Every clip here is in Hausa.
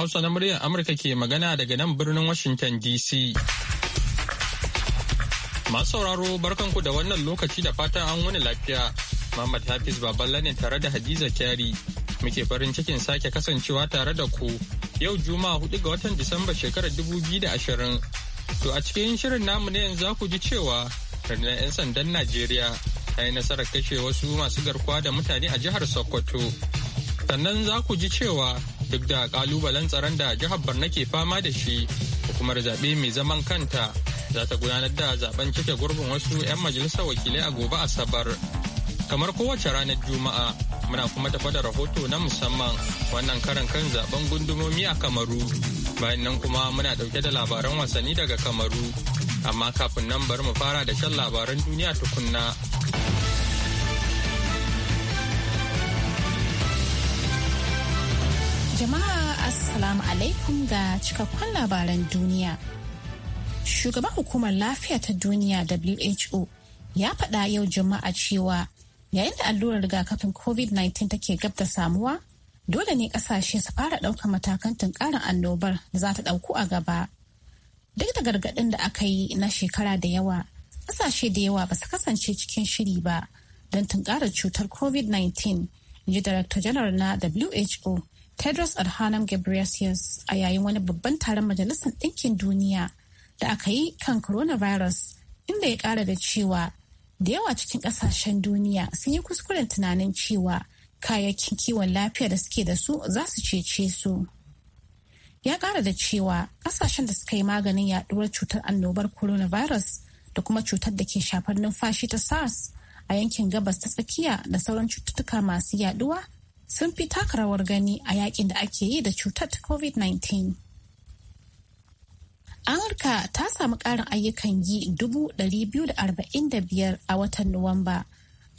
Hausa na muryar Amurka ke magana daga nan birnin Washington DC. Masu sauraro barkanku da wannan lokaci da fatan an wani lafiya. Muhammad Hafiz Baballa ne tare da Hadiza Kyari. Muke farin cikin sake kasancewa tare da ku yau Juma'a hudu ga watan Disamba shekarar 2020. To a cikin shirin namu ne yanzu ku ji cewa rundunar 'yan sandan Najeriya ta yi nasarar kashe wasu masu garkuwa da mutane a jihar Sokoto. Sannan za ku ji cewa duk da kalubalen tsaron da jihar Borno ke fama da shi hukumar zaɓe mai zaman kanta za ta gudanar da zaben cike gurbin wasu 'yan majalisar wakilai a gobe asabar kamar kowace ranar juma'a muna kuma tafa da rahoto na musamman wannan karan kan zaben gundumomi a kamaru bayan nan kuma muna ɗauke da labaran wasanni daga kamaru amma kafin nan bari mu fara da shan labaran duniya tukunna. Jama'a Assalamu alaikum ga cikakkun labaran duniya. Shugaban hukumar lafiya ta duniya WHO ya faɗa yau jama'a cewa yayin da allurar rigakafin COVID-19 take gab da samuwa, dole ne ƙasashe su fara ɗaukar matakan tunkarin annobar da za ta ɗauku a gaba. Duk da gargaɗin da aka yi na shekara da yawa, ƙasashe da yawa ba su kasance cikin shiri ba don tunkarar cutar COVID-19, in ji Director janar na WHO Tedros Adhanom Ghebreyesus a yayin wani babban taron Majalisar Ɗinkin Duniya da aka yi kan coronavirus inda ya ƙara da cewa da yawa cikin ƙasashen duniya sun yi kuskuren tunanin cewa kayayyakin kiwon lafiya da suke da su za su cece su. Ya ƙara da cewa ƙasashen da suka yi maganin yaɗuwar cutar annobar coronavirus da kuma cutar da ke shafar numfashi ta SARS a yankin gabas ta tsakiya da sauran cututtuka masu yaɗuwa sun fi taka rawar gani a yakin da ake yi da cutar ta covid-19 amurka ta samu karin ayyukan yi 245 a watan nuwamba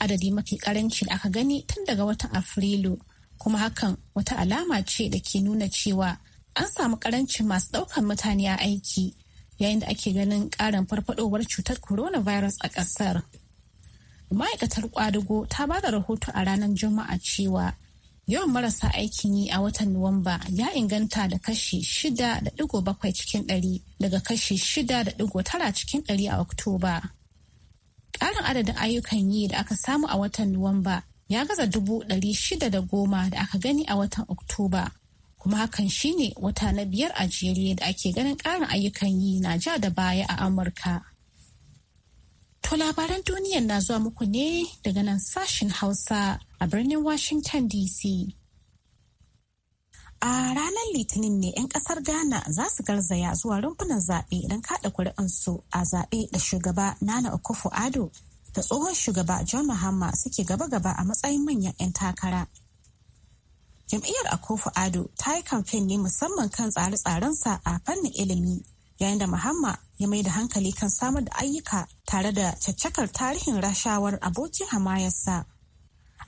adadi mafi karanci da aka gani tun daga watan afrilu kuma hakan wata alama ce da ke nuna cewa an samu karancin masu daukan mutane a aiki yayin da ake ganin karin farfadowar cutar coronavirus a kasar ma'aikatar kwadugo ta ba da rahoto a ranar juma'a cewa Yawan marasa aikin yi a watan Nuwamba ya inganta da kashi 6.7 cikin ɗari daga kashi 6.9 cikin ɗari a Oktoba. Ƙarin adadin ayyukan yi da aka samu a watan Nuwamba ya gaza dubu ɗari shida da goma da aka gani a watan Oktoba. Kuma hakan shine wata na biyar a jere da ake ganin ƙarin ayyukan yi na ja da baya a Amurka. To labaran duniya na zuwa muku ne daga nan sashen Hausa a birnin Washington DC. A ranar Litinin ne 'yan kasar Ghana za su garzaya zuwa rumfunan zaɓe don kaɗa kuri'unsu a zaɓe da shugaba Nana akufo ado da tsohon shugaba John Mahama suke gaba-gaba a matsayin manyan 'yan takara. Jam'iyyar akufo ado ta yi kamfen ne musamman kan tsare-tsarensa a fannin ilimi yayin da Mahama ya mai da hankali kan samar da ayyuka tare da caccakar tarihin rashawar abokin hamayarsa.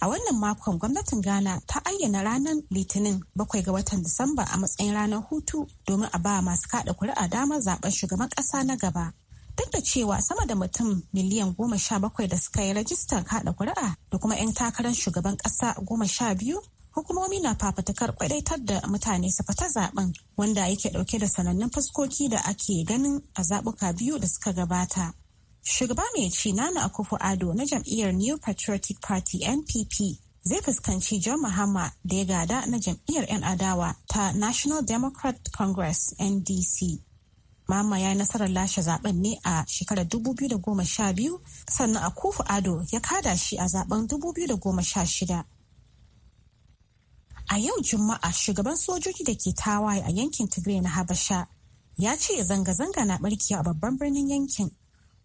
A wannan makon gwamnatin Ghana ta ayyana ranar Litinin bakwai ga watan Disamba a matsayin ranar hutu domin a ba masu kada kuri'a damar zaben shugaban kasa na gaba. Duk da cewa sama da mutum miliyan goma sha bakwai da suka yi rajistar kada kuri'a da kuma 'yan takarar shugaban kasa goma sha biyu hukumomi na fafatakar kwadaitar da mutane su fita zaben wanda yake dauke da sanannun fuskoki da ake ganin a zabuka biyu da suka gabata shugaba mai ci nana akufu ado na jam'iyyar new patriotic party npp zai fuskanci john mahama da ya gada na jam'iyyar 'yan adawa ta national democrat congress ndc Mama ya yi nasarar lashe zaben ne a shekarar 2012 sannan a kufu ado ya kada shi a zaben 2016 A yau Juma'a shugaban sojoji da ke tawaye a yankin Tigray na Habasha ya ce zanga-zanga na barkewa a babban birnin yankin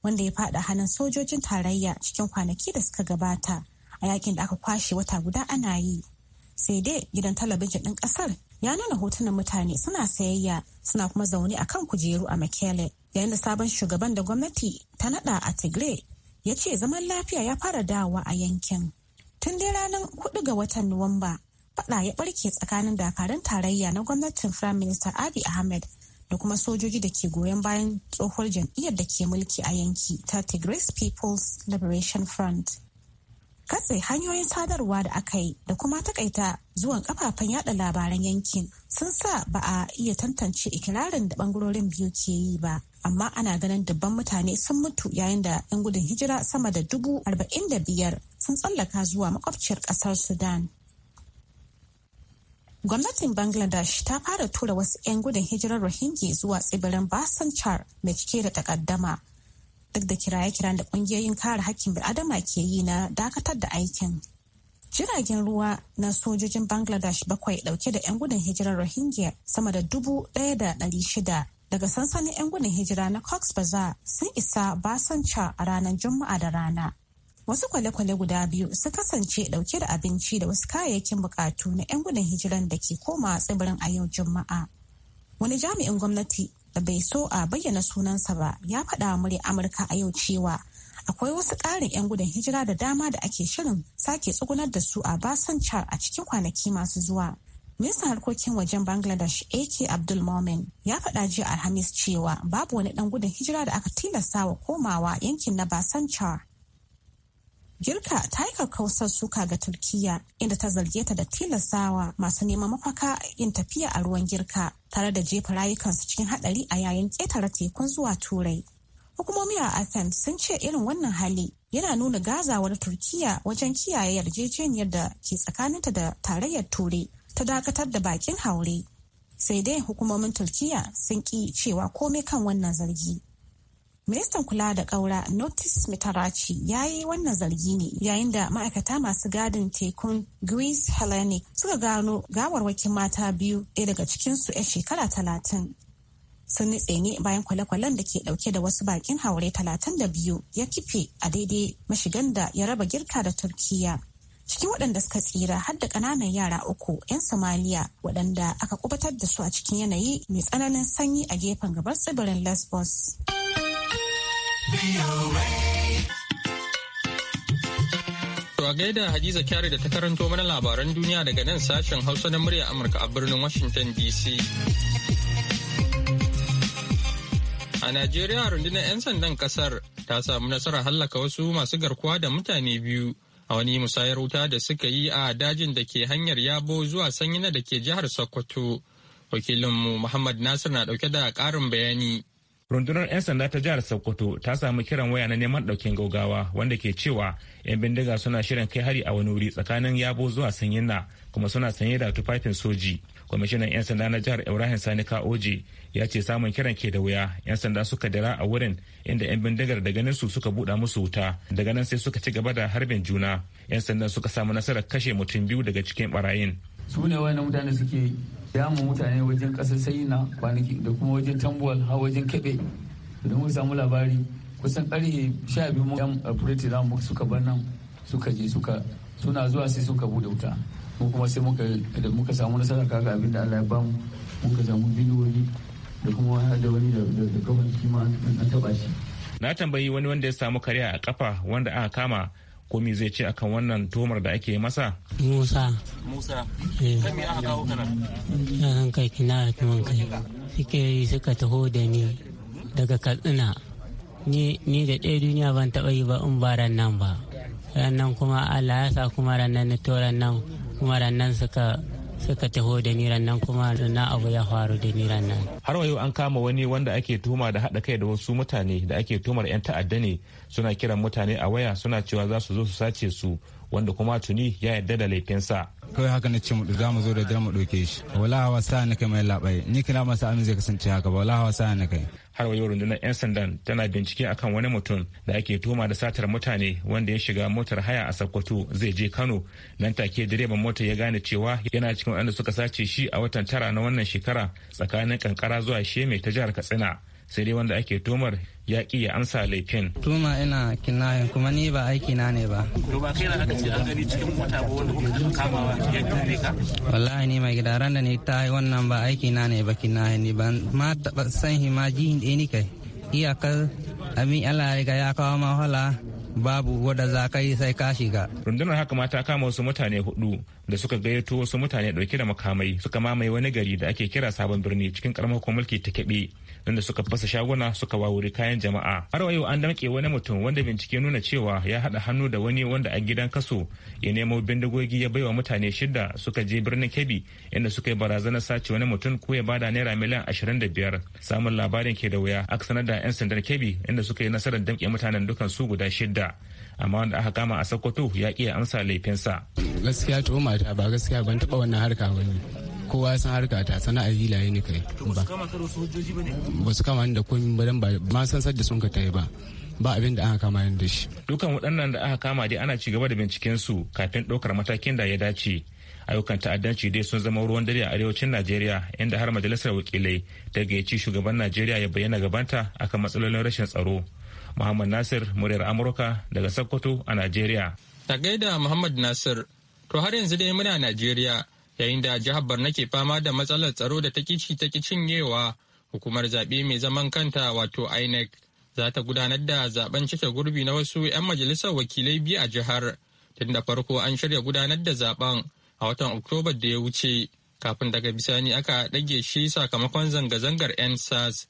wanda ya fada hannun sojojin tarayya cikin kwanaki da suka gabata a yakin da aka kwashe wata guda ana yi. Sai dai gidan talabijin ɗin ƙasar ya nuna hotunan mutane suna sayayya suna kuma zaune a kan kujeru a Mekele yayin da sabon shugaban da gwamnati ta naɗa a Tigray ya ce zaman lafiya ya fara dawowa a yankin. Tun dai ranar 4 ga watan Nuwamba faɗa ya ɓarke tsakanin dakarun tarayya na gwamnatin Firayim Minista Abiy Ahmed da kuma sojoji da ke goyon bayan tsohuwar jam'iyyar da ke mulki a yanki ta Tigray People's Liberation Front. Katse hanyoyin sadarwa da aka yi da kuma takaita zuwan kafafen yada labaran yankin sun sa ba a iya tantance ikirarin da bangarorin biyu ke yi ba. Amma ana ganin dubban mutane sun mutu yayin da 'yan gudun hijira sama da dubu arba'in da biyar sun tsallaka zuwa makwabciyar kasar Sudan. Gwamnatin Bangladesh ta fara tura wasu 'yan gudun hijirar Rohingya zuwa tsibirin Basan Char mai cike da takaddama. Duk da kiraye-kiran da kungiyoyin kare hakkin bil'adama ke yi na dakatar da aikin. Jiragen ruwa na sojojin Bangladesh bakwai dauke da 'yan gudun hijirar Rohingya sama da dubu ɗaya da ɗari shida daga sansanin 'yan gudun hijira na cox Bazar sun isa Basan Char a ranar Juma'a da rana. wasu kwale-kwale guda biyu su kasance dauke da abinci da wasu kayayyakin bukatu na 'yan gudun hijiran da ke koma tsibirin a yau juma'a wani jami'in gwamnati da bai so a bayyana sunansa ba ya faɗa murya amurka a yau cewa akwai wasu ƙarin 'yan gudun hijira da dama da ake shirin sake tsugunar da su a basan char a cikin kwanaki masu zuwa ministan harkokin wajen bangladesh ak abdul momin ya faɗa jiya alhamis cewa babu wani ɗan gudun hijira da aka tilasta wa komawa yankin na basan basanchar Girka ta yi kakkausar suka ga Turkiyya inda ta zarge ta da tilastawa masu neman mafaka yin tafiya a ruwan Girka tare da jefa rayukansu cikin haɗari a yayin ƙetare tekun zuwa Turai. Hukumomi a Athens sun ce irin wannan hali yana nuna gazawar Turkiyya wajen kiyaye yarjejeniyar da ke tsakaninta da tarayyar Turai ta dakatar da bakin haure. Sai dai hukumomin Turkiyya sun ƙi cewa komai kan wannan zargi. Ministan kula da ƙaura Notis Mitarachi ya yi wannan zargi ne yayin da ma'aikata masu gadin tekun Greece Hellenic suka gano gawarwakin mata biyu ɗaya daga cikinsu 'yan shekara talatin. Sun nitse ne bayan kwale-kwalen da ke ɗauke da wasu bakin haure talatin da biyu ya kife a daidai mashigan da ya raba girka da Turkiya. Cikin waɗanda suka tsira har da ƙananan yara uku 'yan Somaliya waɗanda aka kubatar da su a cikin yanayi mai tsananin sanyi a gefen gabar tsibirin Lesbos. To a gaida Hadiza Kyari da ta karanto mana labaran duniya daga nan sashen Hausa na murya Amurka a birnin Washington DC. A Najeriya rundunar 'yan sandan kasar ta samu nasarar hallaka wasu masu garkuwa da mutane biyu a wani musayar wuta da suka yi a dajin da ke hanyar yabo zuwa sanyina da ke jihar Sokoto. Wakilinmu Muhammad Nasir na dauke da karin bayani. rundunar 'yan sanda ta jihar sokoto ta samu kiran waya na neman ɗaukin gaugawa wanda ke cewa 'yan bindiga suna shirin kai hari a wani wuri tsakanin yabo zuwa sanyin na kuma suna sanye da tufafin soji kwamishinan 'yan sanda na jihar ibrahim sani kaoje ya ce samun kiran ke da wuya 'yan sanda suka dira a wurin inda 'yan bindigar da ganin su suka buɗa musu wuta daga nan sai suka ci gaba da harbin juna 'yan sanda suka samu nasarar kashe mutum biyu daga cikin barayin su ne wani mutane suke damun mutane wajen kasar sayina kwanaki da kuma wajen tambuwal har wajen kebe da mun samu labari kusan karhe sha biyu yan afirati za mu suka bar nan suka je suka suna zuwa sai suka bude wuta mu kuma sai muka da muka samu nasara kaga abin da Allah ya bamu muka samu biliyoyi da kuma da wani da kawai shi ma an taba shi na tambayi wani wanda ya samu kariya a kafa wanda aka kama ko zai ce akan wannan tomar da ake masa musa musa eh. kan me aka kawo kana yaran kai kina kai suke suka taho da ni daga katsina ni da ɗaya duniya ban taɓa yi ba in ba ran nan ba ran nan kuma allah ya sa kuma ran nan na to ran nan kuma ran nan suka suka taho da niran nan kuma na abu ya faru da niran nan. Har wayo an kama wani wanda ake tuma da haɗa kai da wasu mutane da ake tumar 'yan ta'adda ne suna kiran mutane a waya suna cewa za su zo su sace su wanda kuma tuni ya yarda da laifinsa. kawai haka na ce mu za mu zo da dama mu ɗauke shi wala hawa sa na kai mai labai ni kina masa amin zai kasance haka ba wala hawa sa na kai har wayo rundunar 'yan sandan tana bincike akan wani mutum da ake toma da satar mutane wanda ya shiga motar haya a sokoto zai je kano nan take direban motar ya gane cewa yana cikin wanda suka sace shi a watan tara na wannan shekara tsakanin kankara zuwa sheme ta jihar katsina sai dai wanda ake tomar ya ki ya amsa laifin. Tuma ina kinayen kuma ni ba aiki na ne ba. To ba kai na aka ce an gani cikin mota ba wanda kuka kama ba ya ne ka. Wallahi ni mai gida ran da ni ta wannan ba aiki na ne ba kinayen ni ba ma taɓa san hi ma ji ɗaya ni kai. Iyakar amin Allah ya ya kawo ma babu wadda za ka yi sai ka shiga. Rundunar haka ma ta kama wasu mutane hudu da suka gayyato wasu mutane dauke da makamai suka mamaye wani gari da ake kira sabon birni cikin karamar mulki ta keɓe. inda suka fasa shaguna suka wawuri kayan jama'a har yau an damƙe wani mutum wanda bincike nuna cewa ya haɗa hannu da wani wanda a gidan kaso ya nemo bindigogi ya baiwa mutane shida suka je birnin kebbi inda suka yi barazanar sace wani mutum ko ya bada naira miliyan ashirin da biyar samun labarin ke da wuya aka sanar da 'yan sandar kebbi inda suka yi nasarar damƙe mutanen dukan su guda shida amma wanda aka kama a sokoto ya iya amsa laifinsa gaskiya tuhuma ta ba gaskiya ban taɓa wannan harka wani kowa ya san harka ta sana'ar hilaye ne kai ba ba su kama da kun ba dan ba ma san sadda sun ka tayi ba ba abin da aka kama da shi dukan waɗannan da aka kama dai ana ci gaba da binciken su kafin ɗaukar matakin da ya dace ayyukan ta'addanci dai sun zama ruwan dare a arewacin najeriya inda har majalisar wakilai ta gayyaci shugaban najeriya ya bayyana gabanta akan matsalolin rashin tsaro muhammad nasir muryar amurka daga sokoto a najeriya ta gaida muhammad nasir to har yanzu dai muna najeriya yayin da jihar Borno ke fama da matsalar tsaro da ta kici ta cinyewa hukumar zaɓe mai zaman kanta wato INEC za ta gudanar da zaben cike gurbi na wasu 'yan majalisar wakilai biyu a jihar tun da farko an shirya gudanar da zaben a watan Oktoba da ya wuce kafin daga bisani aka ɗage shi sakamakon zanga-zangar 'yan SARS.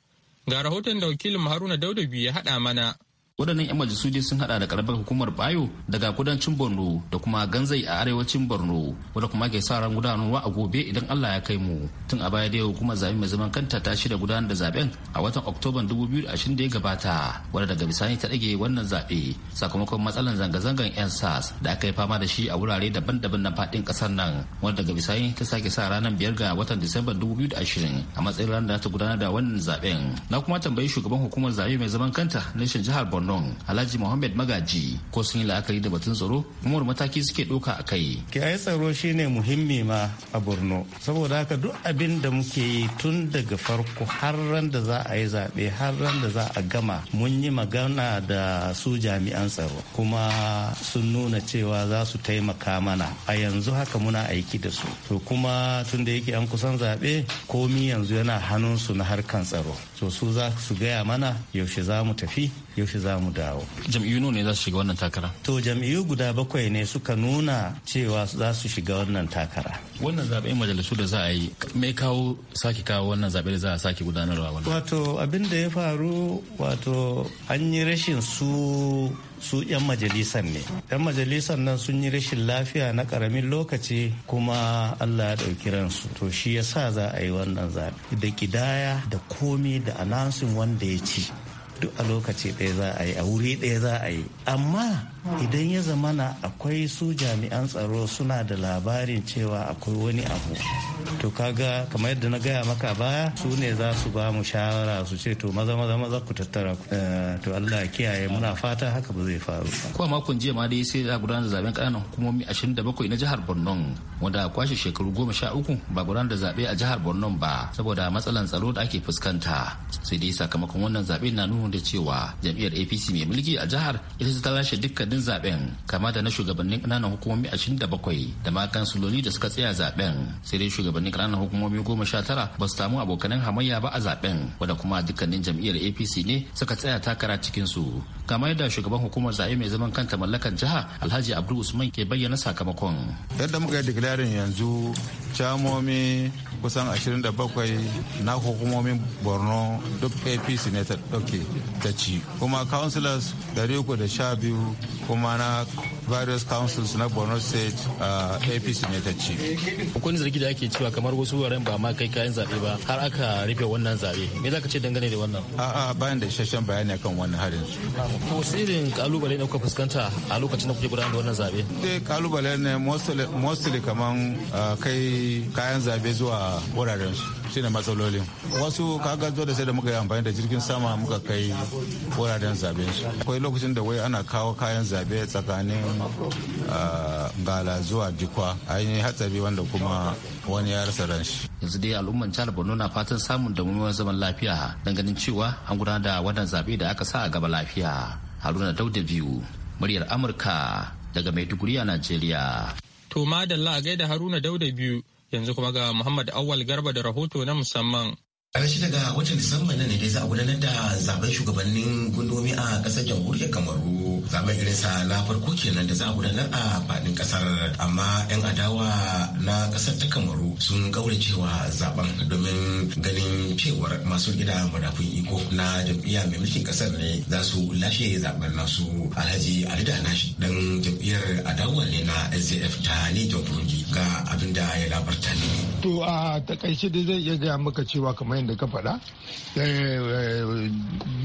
Ga rahoton da wakilin Haruna Daudabi ya haɗa mana. wadannan 'yan majalisu dai sun hada da karamar hukumar bayo daga kudancin borno da kuma ganzai a arewacin borno wanda kuma ke sa ran gudanarwa a gobe idan allah ya kai mu tun a baya dai hukumar zaɓe mai zaman kanta ta shirya gudanar da zaben a watan oktoban 2020 da ya gabata wanda daga bisani ta dage wannan zaɓe sakamakon matsalar zanga zangan 'yan sas da aka yi fama da shi a wurare daban-daban na fadin ƙasar nan wanda daga bisani ta sake sa ranar biyar ga watan disamba 2020 a matsayin ranar da ta gudanar da wannan zaben na kuma tambayi shugaban hukumar zaɓe mai zaman kanta na jihar borno borno alhaji mohammed magaji ko sun yi la'akari da batun tsaro kuma mataki suke ɗauka a kai kiyaye tsaro shine muhimmi ma a borno saboda haka duk abin da muke yi tun daga farko har ran da za a yi zaɓe har ran da za a gama mun yi magana da su jami'an tsaro kuma sun nuna cewa za su taimaka mana a yanzu haka muna aiki da su to kuma tun da yake an kusan zaɓe komi yanzu yana hannunsu na harkan tsaro to su za su gaya mana yaushe za mu tafi yaushe za mu dawo. Jam'iyyu ne za su shiga wannan takara? To jam'iyyu guda bakwai ne suka nuna cewa za su shiga wannan takara. Wannan zaɓen majalisu da za a yi mai kawo sake kawo wannan zaɓe da za a sake gudanarwa wannan. Wato abin da ya faru wato an yi rashin su su 'yan majalisan ne. 'yan majalisan nan sun yi rashin lafiya na karamin lokaci kuma Allah ya ɗauki ransu. To shi ya sa za a yi wannan zaɓe da kidaya da komi da anansin wanda ya ci duk a lokaci ɗaya za a yi a wuri ɗaya za a yi amma idan ya zamana akwai su jami'an tsaro suna da labarin cewa akwai wani abu to kaga kamar yadda na gaya maka baya su ne za su ba mu shawara su ce to maza maza maza ku tattara eh, to Allah kiyaye muna fata haka ba zai faru kuma makon jiya ma dai sai za gudanar da zaben kananan hukumomi 27 na jihar Borno wanda kwashe shekaru goma 13 ba gudanar da zabe a jihar Borno ba saboda matsalan tsaro da ake fuskanta sai dai sakamakon wannan zabe na nuna da cewa jam'iyyar APC mai mulki a jihar ita ta lashe dukkan sanadin zaben kama da na shugabannin kananan hukumomi 27 da ma suloli da suka tsaya zaben sai dai shugabannin kananan hukumomi 19 ba su samu abokanan hamayya ba a zaben wanda kuma dukkanin jam'iyyar APC ne suka tsaya takara cikin su kama yadda shugaban hukumar zaɓe mai zaman kanta mallakan jiha Alhaji Abdul Usman ke bayyana sakamakon yadda muka yi declaring yanzu camomi kusan 27 na hukumomin borno duk apc ne ta ɗauke ta ci kuma councillors 312 kuma na various councils na borno state uh, apc ne ta ci akwai zargi da ake cewa kamar wasu wuraren ba ma kai kayan zaɓe ba har aka rufe wannan zaɓe me za ka ce dangane da wannan a'a bayan da isasshen bayani akan wannan harin wasu irin kalubale ne kuka fuskanta a lokacin da kuke gudanar da wannan zaɓe dai eh, kalubale ne mostly kaman uh, kai kayan zaɓe zuwa wurarensu matsalolin wasu kaga zo da sai da muka yi amfani da jirgin sama muka kai wuraren zabe su akwai lokacin da wai ana kawo kayan zabe tsakanin ah, gala zuwa dikwa ainihin hatsari wanda kuma wani ya rasa ran shi yanzu dai al'umman jihar borno na fatan samun damuwar zaman lafiya don ganin cewa an gudanar da wannan zabe da aka sa a gaba lafiya haruna dauda biyu muryar amurka daga maiduguri a najeriya to madalla a gaida haruna dauda biyu Yanzu kuma ga Muhammad Awal Garba da rahoto na musamman. karshe daga watan disamba nan ne dai za a gudanar da zaben shugabannin gundomi a kasar jamhuriyar kamaru zaben sa na farko kenan da za a gudanar a fadin kasar amma yan adawa na kasar ta kamaru sun cewa zaben domin ganin cewar masu gida madafun iko na jam'iyya mai mulkin kasar ne za su lashe zaben nasu alhaji ali danashi dan jam'iyyar adawa ne na sdf ta ne jamhuriyar ga abinda da ya labarta ne to a takaice dai zai iya gaya maka cewa kamar da ka faɗa eh, eh,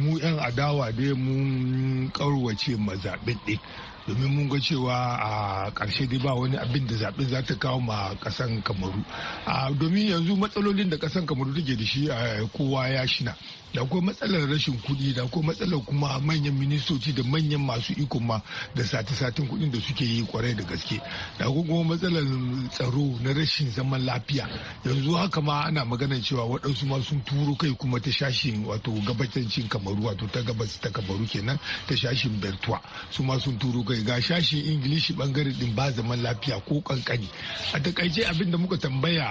mu 'yan adawa dai mun ƙarwace ɗin domin mun ga cewa a ƙarshe dai ba wani abin da zaɓe za ta kawo ma ƙasan kamaru ah, domin yanzu matsalolin da ƙasan kamaru take da shi eh, kowa ya shina da ko matsalar rashin kuɗi da ko matsalar kuma manyan ministoci da manyan masu iko ma da sati-satin kuɗin da suke yi kwarai da gaske da ko kuma matsalar tsaro na rashin zaman lafiya yanzu haka ma ana maganar cewa waɗansu ma sun turo kai kuma ta shashin wato gabatancin kamaru wato ta gabas ta kamaru kenan ta shashin bertwa su ma sun turo kai ga shashin ingilishi bangare din ba zaman lafiya ko kankani a takaice abin da muka tambaya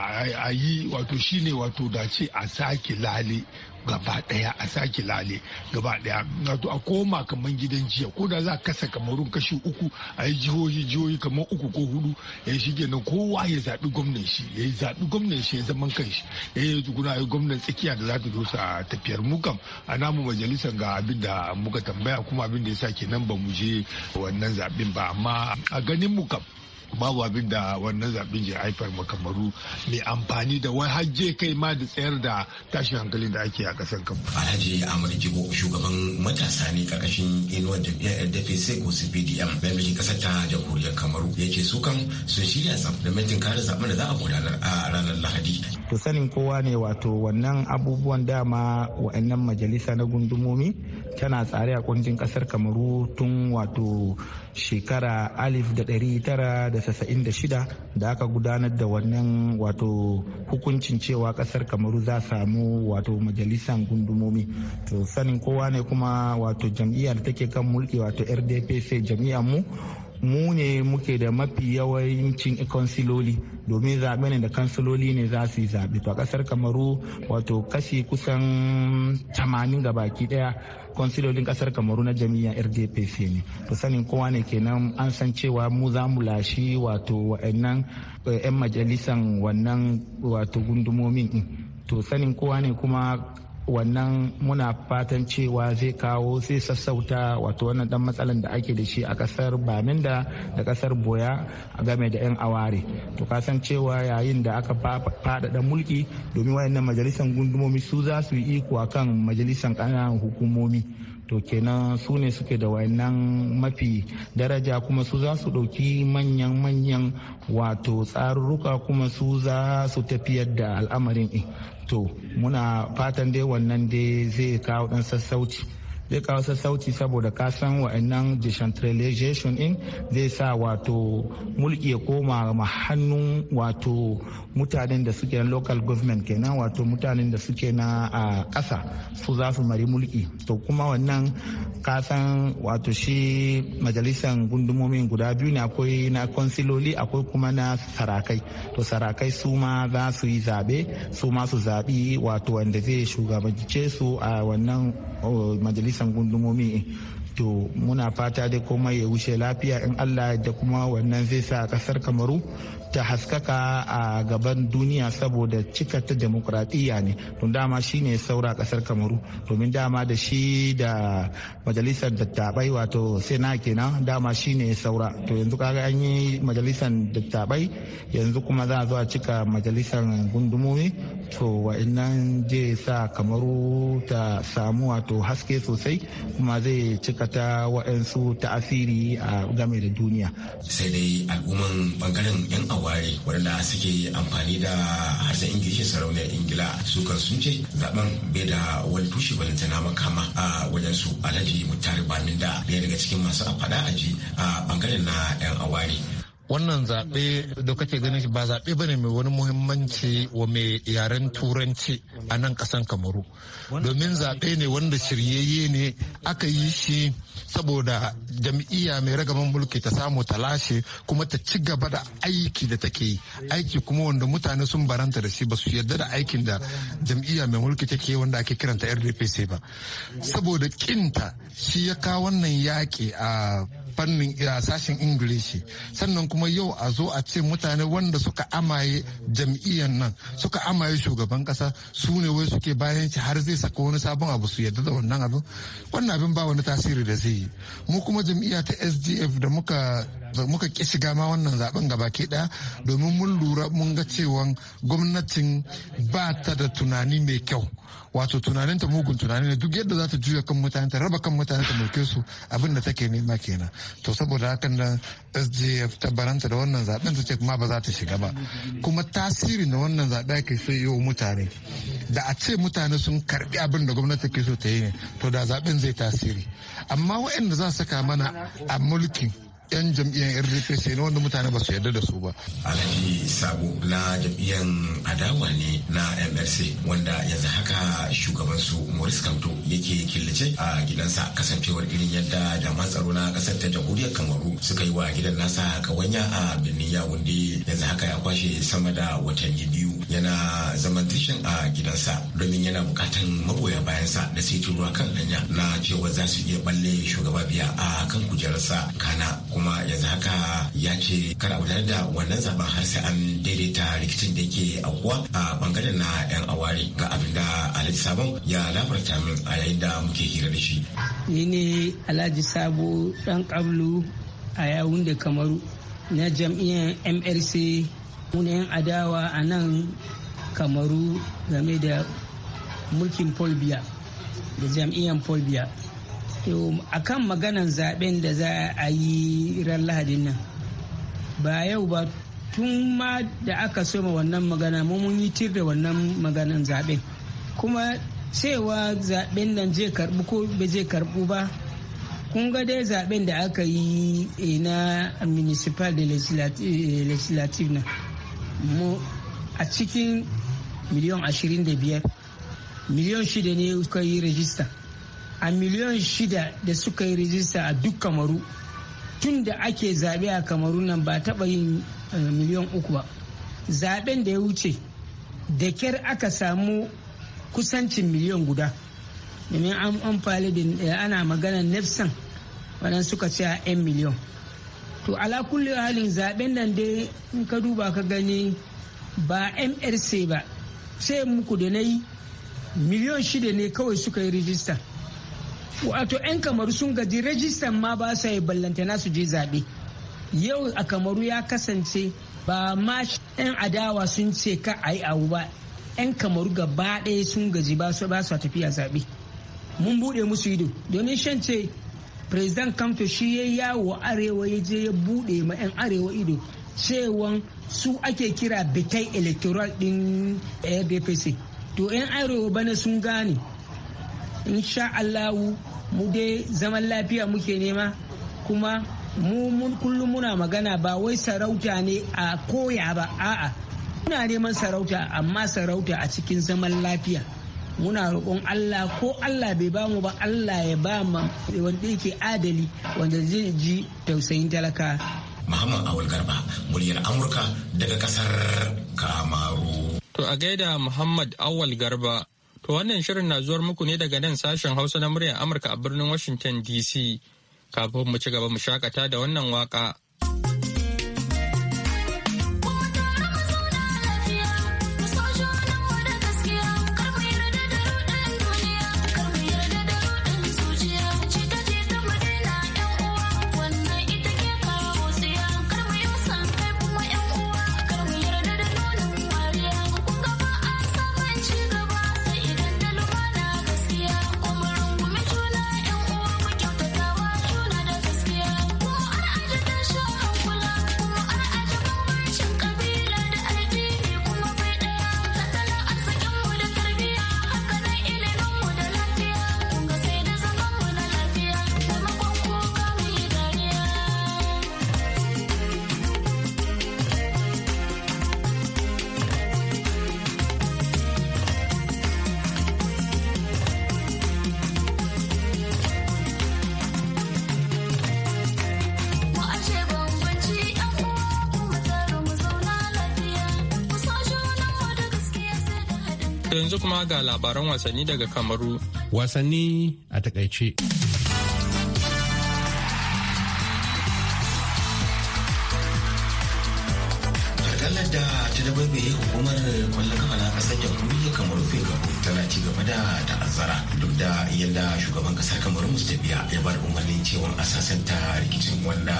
a yi wato shine wato da ce a sake lale gaba daya a sake lale gaba daya wato a koma kamar gidan jiya ko da za kasa kamarun kashi uku a yi jihohi jihohi kamar uku ko hudu ya shi kenan kowa ya zaɓi gwamnan shi ya zaɓi gwamnan shi ya zaman kanshi ya eh, yi tukuna ya gwamnan tsakiya da za ta dosa tafiyar mu a namu majalisar ga abin da muka tambaya kuma abin da ya sa kenan ba mu je wannan zaɓen ba amma a ganin mu babu abin da wannan zaɓen ke haifar makamaru mai amfani da wani hajje kai ma da tsayar da tashin hankalin da ake a ƙasar kan. Alhaji Amadu Jibo shugaban matasa ne ƙarƙashin inuwar fi sai ko PDM mamakin ƙasar ta jamhuriyar Kamaru ya ce su kan sun shirya tsaf da mintin kare zaɓen da za a gudanar a ranar Lahadi. To sanin kowa ne wato wannan abubuwan dama wa'annan majalisa na gundumomi tana tsare a kungin kasar kamaru tun wato shekara alif da tara da da shida da aka gudanar da wannan wato hukuncin cewa kasar kamaru za samu wato majalisan gundumomi to sanin kowa ne kuma wato jam'iyyar take kan mulki wato rdp sai jam'iyyar mu mu ne muke da mafi yawancin kansiloli domin zaɓe ne da kansiloli ne za su yi zaɓe to a ƙasar kamaru wato kashi kusan tamanin ga baki ɗaya kansilolin ƙasar kamaru na jami'a rdpc ne to sanin kowa ne kenan an san cewa mu za mu lashi wato wa'annan 'yan eh, majalisan wannan wato gundumomin to sanin kowa ne kuma wannan muna fatan cewa zai kawo zai sassauta wato wannan dan matsalan da ake da shi a kasar baminda da kasar boya a game da yan aware to kasan cewa yayin da aka faɗaɗa mulki domin wayannan majalisar gundumomi su za su yi iko akan majalisar ƙananan hukumomi to kenan su ne suke da wayannan mafi daraja kuma su za su ɗauki manyan-manyan wato tsarurruka kuma su za su tafiyar da al'amarin to muna fatan dai wannan dai zai kawo ɗan sassauci zai kawo sassauci saboda ka san wa'annan decentralization in zai sa wato mulki ya koma ma hannun wato mutanen da suke na local government kenan wato mutanen da suke na a ƙasa su za su mari mulki to kuma wannan ka san wato shi majalisar gundumomin guda biyu ne akwai na konsiloli akwai kuma na sarakai to sarakai su ma za su yi zaɓe su ma su zaɓi wato wanda zai shugabance su a wannan majalisar kasang gundumomi to muna fata da komai ya wuce lafiya in allah da kuma wannan zai sa kasar kamaru ta haskaka a gaban duniya saboda cika ta demokuraɗiyya ne don dama shi ne saura kasar kamaru domin dama da shi da majalisar dattabai wato sena kenan dama shi ne saura to yanzu kaga an yi majalisar dattabai yanzu kuma za a zo cika majalisar gundumomi to wa'annan zai sa kamaru ta samu wato haske sosai kuma zai cika dakata wa'ansu ta'asiri a game da duniya sai dai al'umman bangaren yan aware waɗanda suke amfani da harshen ingilishi sarauniyar ingila su kan sun ce zaben bai da wani tushe balantana makama a wajen su alhaji mutari da daya daga cikin masu a faɗa aji a bangaren na yan aware wannan zaɓe da kake ganin ba zaɓe bane mai wani muhimmanci wa mai yaren turanci a nan ƙasan kamaru domin zaɓe ne wanda shiryayye ne aka yi shi saboda jam'iyya mai ragaman mulki ta samu ta lashe kuma ta ci gaba da aiki da take yi aiki kuma wanda mutane sun baranta da shi ba su yarda da aikin da jam'iyya mai mulki take yi wanda ake kiranta rdpc ba saboda kinta shi ya kawo wannan yaƙi a fannin eh, sashen ingilishi sannan kuma yau a zo a ce mutane wanda suka amaye jam'iyyan nan suka amaye shugaban kasa su ne wai suke bayan shi har zai saka wani sabon abu su yadda da wannan abu wannan abin ba wani tasiri da zai yi mu kuma jam'iyya ta sdf da muka muka ki shiga ma wannan zaben gabaki daya domin mun lura mun ga cewa gwamnatin ba ta da tunani mai kyau wato tunanin ta mugun tunani ne duk yadda za ta juya kan mutane ta raba kan mutane ta mulke su abinda take nema kenan to saboda hakan nan SJF ta baranta da wannan zaben ta ce kuma ba za ta shiga ba kuma tasiri da wannan zaɓe ke so yi wa mutane da a ce mutane sun karbi abin da gwamnati ke so ta yi ne to da zaben zai tasiri amma waɗanda za su saka mana a mulkin 'yan jam'iyyar sai na wanda mutane ba su yarda da su ba alhaji sabo na jam'iyyar adawa ne na mrc wanda yanzu haka shugaban su maurice kamto yake killace a gidansa kasancewar irin yadda jami'an tsaro na kasar ta jamhuriyar kamaru suka yi wa gidan nasa kawanya a birnin wunde? yanzu haka ya kwashe sama da watanni biyu yana zaman tishin a gidansa domin yana bukatan magoya bayansa da sai ruwa kan hanya na cewa za su iya balle shugaba biya a kan kujerarsa kana kuma kuma yanzu haka ya ce kar a gudanar da wannan zaben har sai an daidaita rikicin da yake aukuwa a bangaren na 'yan aware ga abin da alhaji sabon ya labarta min a yayin da muke hira da shi ni ne alhaji sabo dan kablu a yawun da kamaru na jam'iyyar mrc muna yan adawa a nan kamaru game da mulkin polbiya da jam'iyyar polbia a kan maganan zaben da za a yi ran lahadin nan ba yau ba tun ma da aka soma wannan magana mun yi tir da wannan maganan zaben kuma cewa zaben nan zai karbu ko ba zai karbu ba kun ga dai zaben da aka yi eh, na municipal da legislative eh, na mu a cikin miliyan 25 miliyan 6 ne suka yi rajista a miliyan shida da suka yi rijista a duk kamaru tun da ake zaɓe a kamaru nan ba taɓa yin eh, miliyan uku ba zaɓen da ya wuce da kyar aka samu kusancin miliyan guda domin an amfani da eh, ana magana nefsan wadanda suka ce a 'yan miliyan to ala halin zaɓen nan dai in ka duba ka gani ba mrc ba sai muku da na yi miliyan shida ne kawai suka yi rijista wato 'yan kamaru sun gaji rajistan ma ba su yi ballantana su je zaɓe yau a kamaru ya kasance ba ma 'yan adawa sun ce ka a yi abu ba 'yan kamaru gaba ɗaya sun gaji ba su tafiya zaɓe mun buɗe musu ido domin shan ce president kamto shi ya yawo arewa ya je ya buɗe ma 'yan arewa ido cewan su ake kira bitai electoral ɗin abc eh, to 'yan arewa bana sun gane In sha Allahu mu dai zaman lafiya muke nema kuma mu mun kullum muna magana ba wai sarauta ne a koya ba a'a muna neman sarauta amma sarauta a cikin zaman lafiya muna roƙon Allah ko Allah bai bamu ba Allah ya ba mu wanda yake adali wanda zai ji tausayin talaka Muhammad Awul Garba muryar Amurka daga kasar Kamaru to a gaida Muhammad Awul Garba To wannan shirin na zuwar muku ne daga nan sashen Hausa na muryar Amurka a birnin Washington DC. Kafin mu ci gaba mu shakata da wannan waka yanzu kuma ga labaran wasanni daga Kamaru. Wasanni a takaice. Takalar da ta dabaibaye hukumar kwallon kafa na kasar jamhuriyar Kamaru Fegabo tana ci gaba da ta'azzara duk da yadda shugaban kasar Kamaru Mustabiya ya bar umarnin cewa a sasanta rikicin wanda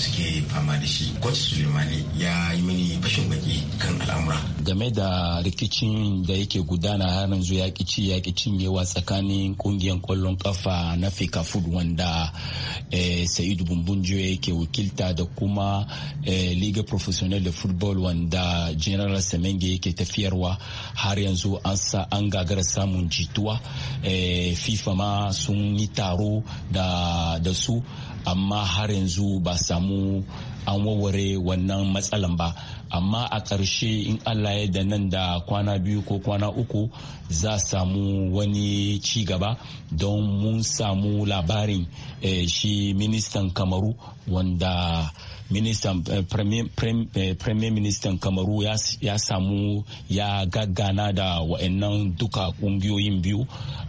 suke fama da shi coach sulemani ya yi mini fashin baki kan al'amura game da rikicin da yake gudana har yanzu ya ci ya cinyewa tsakanin kungiyar kwallon kafa na fika food wanda eh, sa'idu bumbunjo yake wakilta da kuma eh, liga professional da football wanda general semenge yake tafiyarwa har yanzu an sa an gagara samun jituwa eh, fifa ma sun yi taro da, da su amma har yanzu ba samu an warware wannan matsalan ba amma a ƙarshe in allah ya da nan da kwana biyu ko kwana uku za samu wani ci gaba don mun samu labarin eh, shi ministan kamaru wanda ministan eh, premier eh, ministan kamaru ya samu ya gaggana da wa'annan duka kungiyoyin biyu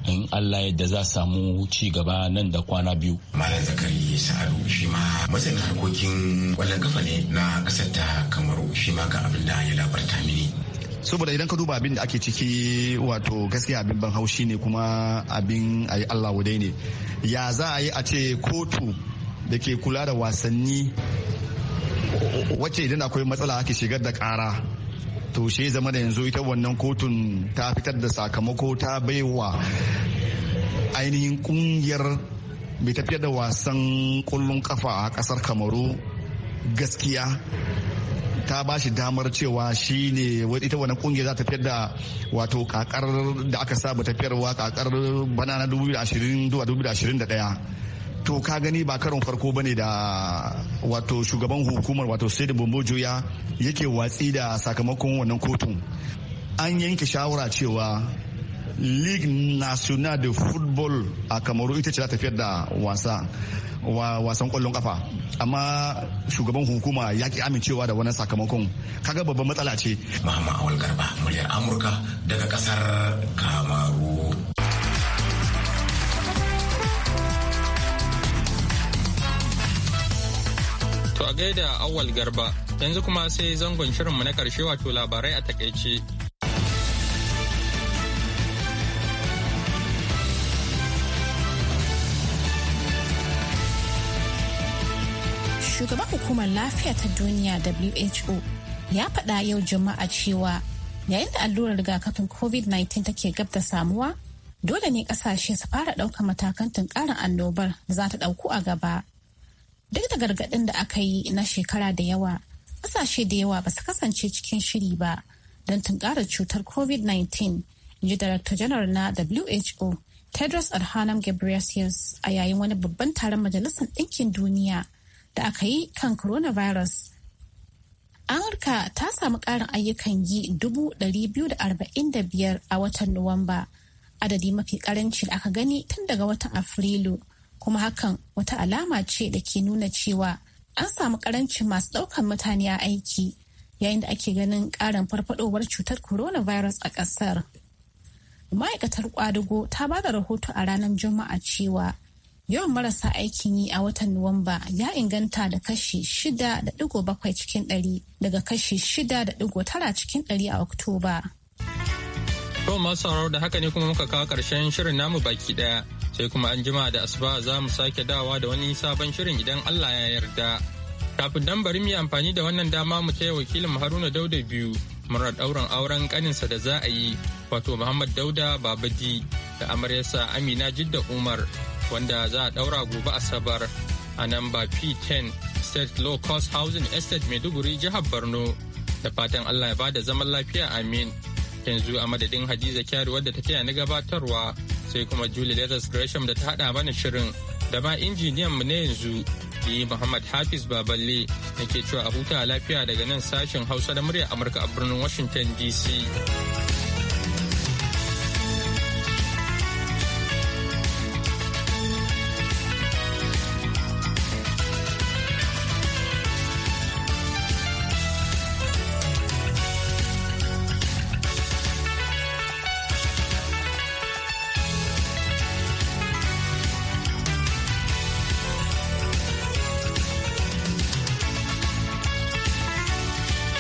in allah yadda za samu ci gaba nan da kwana biyu malam zakari sa'adu shi ma matsayin harkokin kwallon kafa ne na kasar ta kamaru shi ma ga abin da ya labarta mini saboda idan ka duba abin da ake ciki wato gaskiya abin ban haushi ne kuma abin a yi allah wadai ne ya za a yi a ce kotu da ke kula da wasanni wacce idan akwai matsala ake shigar da kara to shi zama da yanzu ita wannan kotun ta fitar da sakamako ta baiwa ainihin kungiyar mai tafiyar da wasan kullun kafa a kasar kamaru gaskiya ta ba shi damar cewa shi ne ita wannan kungiyar za ta tafiyar da wato kakar da aka saba tafiyarwa kakar bana na 2020 zuwa 2021 to ka gani ba karon farko bane da wato shugaban hukumar wato sai da ya yake watsi da sakamakon wannan kotun an yanke shawara cewa league national de football a kamaru ita ce za tafiyar da wasa wasan kwallon kafa amma shugaban hukuma ya ki amincewa da wannan sakamakon kaga babban matsala ce mahama awal garba muryar amurka daga kasar kamaru a gaida awal garba yanzu kuma sai zangon shirinmu na karshe wato labarai a takaice. Shugaban hukumar lafiya ta duniya WHO ya faɗa yau juma'a cewa yayin da allurar rigakafin covid-19 take gab da samuwa dole ne kasashe su fara ɗaukar matakan tunkarar annobar da za ta ɗauku a gaba duk da gargaɗin da aka yi na shekara da yawa ƙasashe da yawa basu kasance cikin shiri ba don tunkarar cutar covid-19 in ji director janar na who tedros adhanom ghebreyesus a yayin wani babban taron majalisar ɗinkin duniya da aka yi kan coronavirus amurka ta samu ƙarin ayyukan yi 245 a watan nuwamba adadi mafi ƙaranci da aka gani tun daga watan afrilu kuma hakan wata alama ce da ke nuna cewa an samu karancin masu ɗaukar mutane a aiki yayin da ake ganin ƙarin farfadowar cutar coronavirus a ƙasar. Ma'aikatar ƙwadago ta ba da rahoto a ranar Juma'a cewa yawan marasa aikin yi a watan Nuwamba ya inganta da kashi shida 6.7 cikin ɗari daga kashi shida tara cikin ɗari a Oktoba. To masu sauraro da haka ne kuma muka kawo ƙarshen shirin namu baki ɗaya sai kuma an jima da asuba za mu sake dawa da wani sabon shirin idan Allah ya yarda. Kafin dan bari mu amfani da wannan dama mu taya wakilin Haruna Dauda biyu mura ɗaurin auren kaninsa da za a yi wato Muhammad Dauda Babaji da amaryarsa Amina Jidda Umar wanda za a ɗaura gobe Asabar a nan ba P10 State Low Cost Housing Estate Maiduguri jihar Borno da fatan Allah ya bada zaman lafiya amin. yanzu a madadin hadiza kyari wadda ta taya na gabatarwa sai kuma julie letters gresham da ta hada mana shirin da ba injiniyan mu na yanzu ni muhammad hafiz baballe na ke cewa a huta lafiya daga nan sashen hausa da murya amurka a birnin washington dc